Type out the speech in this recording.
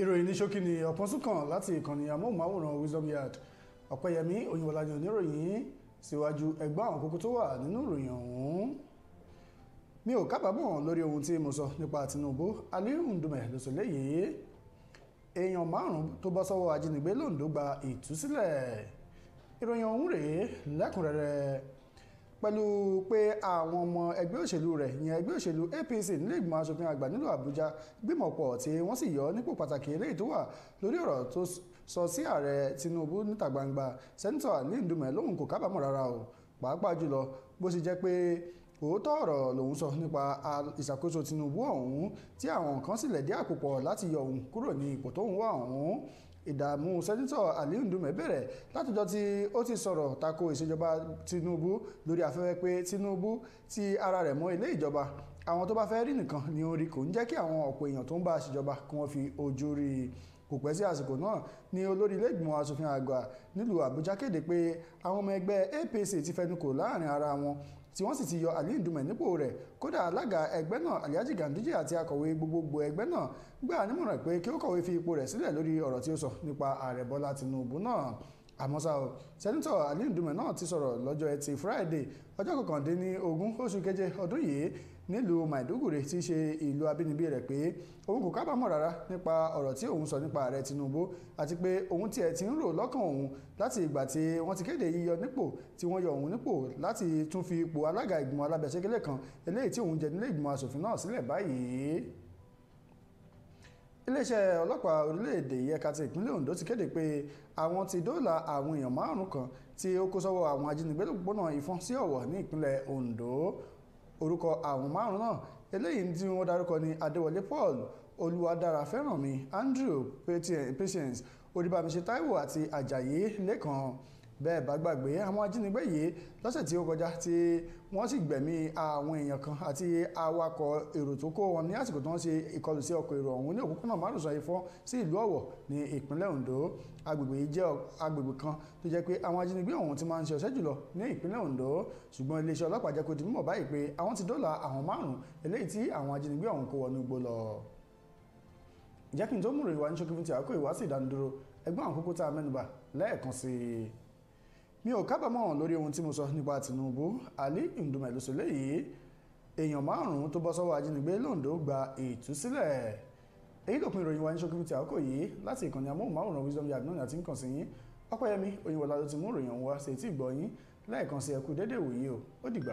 ìròyìn ní ṣókí ni ọ̀pọ̀sùn kan láti ìkànnì amóhùnmáwòrán Wisdom Yard ọ̀pẹ́yẹmí òyìnbọ̀lá ni oníròyìn síwájú ẹgbẹ́ àwọn kókó tó wà nínú ìròyìn ọ̀hún mi ò kábàámọ̀ lórí ohun tí mo sọ nípa Tinubu Aliyu Ndume ló sọ léyìí èèyàn márùn-ún tó bọ́ sọ́wọ́ ajínigbé lóńdó gba ìtúsílẹ̀ ìròyìn ọ̀hún rèé lẹ́kùnrẹ́rẹ́ pẹ̀lú pé àwọn ọmọ ẹgbẹ́ òṣèlú rẹ̀ ìyẹn ẹgbẹ́ òṣèlú APC nílé ìgbìmọ̀ asòfin àgbà nílùú Àbújá gbìmọ̀ pọ̀ tí wọ́n sì yọ nípò pàtàkì eléyìí tó wà lórí ọ̀rọ̀ tó sọ sí ààrẹ Tinubu níta gbangba sẹ́ńtọ̀ ní ìdúmẹ̀ lóhùn kò kábàámọ̀ rárá o pàápàá jùlọ bó sì jẹ́ pé òótọ́ ọ̀rọ̀ lòun sọ nípa ìṣàkóso Tinubu ọ̀hún tí àwọn kan sì lẹ̀dí àkùpọ̀ láti yọ òun kúrò ní ipò tóun wà ọ̀hún ìdààmú sẹ́nitọ̀ Aliyu Ndume bẹ̀rẹ̀ látọjọ́ tí ó ti sọ̀rọ̀ tako ìṣèjọba Tinubu lórí afẹ́fẹ́ pé Tinubu ti ara rẹ̀ mọ́ ilé ìjọba àwọn tó bá fẹ́ rí nìkan ni ó rí kò ń jẹ́ kí àwọn ọ̀pọ̀ èèyàn tó ń bá a ṣèjọba kí wọ́n fi ojú rí i kò pẹ́ sí àsìkò náà ni olórí ilé ìgbìmọ̀ asòfin àgbà nílùú Àbújá kéde pé àwọn ọmọ ẹgbẹ́ APC ti fẹnukò láàrin ara wọn tí wọ́n sì ti yọ ali ndùmẹ̀ nípò rẹ̀ kódà alága ẹgbẹ́ náà aliaji ganduje àti akọ̀wé gbogbogbò ẹgbẹ́ náà gbà nímọ̀ràn pé kí ó kọ̀wé fi ipò rẹ̀ sílẹ̀ lórí ọ̀rọ̀ tí ó sọ nípa ààrẹ bọ́lá tinubu náà àmọ́ ṣá o sẹ́nitọ̀ aliyu ndume náà ti sọ̀rọ̀ lọ́jọ́ ẹtì friday ọjọ́ kọkàndínní ogún oṣù keje ọdún yìí nílùú maiduguri ti ṣe ìlú abínibí rẹ̀ pé òun kò kábàámọ̀ rárá nípa ọ̀rọ̀ tí òun sọ nípa ààrẹ tinubu àti pé òun tiẹ̀ ti ń rò lọ́kàn òun láti ìgbà tí wọ́n ti kéde yíyọ nípò tí wọ́n yọ òun nípò láti tún fi ipò alága ìgbìmọ̀ alábẹ́sẹ́kẹ́lẹ́ kan eléyìí tí òun jẹ nílé ìgbìmọ̀ asòfin náà sílẹ̀ báyìí iléeṣẹ́ ọlọ́pàá orílẹ̀-èdè ẹ̀ka ti ìpínlẹ̀ Ondo ti kéde pé àwọn ti dóòlà àwọn èèyàn márùn kan tí ó kó sọ́wọ́ àwọn ajínigbé lópòpónà ìfọ́n sí ọ̀wọ̀ ní ìpínlẹ̀ Ondo orúkọ àwọn márùn náà eléyìí tí wọ́n dárúkọ ní Adéwọlé Paul Olúwadára Fẹ́rànmi Andrew Patience Oríbámiṣe Táíwò àti Àjàyí Lẹ́kàn bẹ́ẹ̀ bá gbàgbé àwọn ajínigbé yìí lọ́sẹ̀ tí ó kọjá tí wọ́n sì gbẹ̀mí àwọn èèyàn kan àti awakọ̀ èrò tó kó wọn ní àsìkò tí wọ́n ṣe ìkọlù sí ọkọ̀ èrò ọ̀hún ní òpópónà márùsọ ifọ̀ sí ìlú Ọ̀wọ̀ ní ìpínlẹ̀ Ondo agbègbè yìí jẹ́ agbègbè kan tó jẹ́ pé àwọn ajínigbé ọ̀hún ti máa ń ṣe ọṣẹ́ jùlọ ní ìpínlẹ̀ Ondo ṣùgbọ́n iléeṣẹ́ ọlọ́pàá jẹ́ kó di mímọ̀ báyìí pé àwọn ti dóòlà àwọn márùn-ún eléyìí tí àwọn ajínigbé ọ̀hún kó wọnú igbó lọ jẹ́ kí ìwà ní fún ti àkókò ìwá sí ìdánidúró ẹgbẹ́ àwọn kókó tá a mẹ́nubà lẹ́ẹ̀kan sí i mi ò kábàámọ̀ lórí ohun tí mo sọ nípa Tinubu Ali Ndume ló sọ léyìí èèyàn márùn-ún tó bọ́ sọ́wọ́ ajínigbé londo gba ìtúsílẹ̀ èyí lópin ìròyìn wa ní ṣókí bíi ti àkókò yìí láti ìkànnì amóhùnmáwòrán Wisdom Yard náà ni a ti ń kàn sí yín Ọpẹ́yẹmí Oyinwọlá ló ti mú ìròyìn ọ̀hún wá sí etí ìgbọ́ yín lẹ́ẹ̀kan sí ẹkú déédéé wòye o ó dìgbà.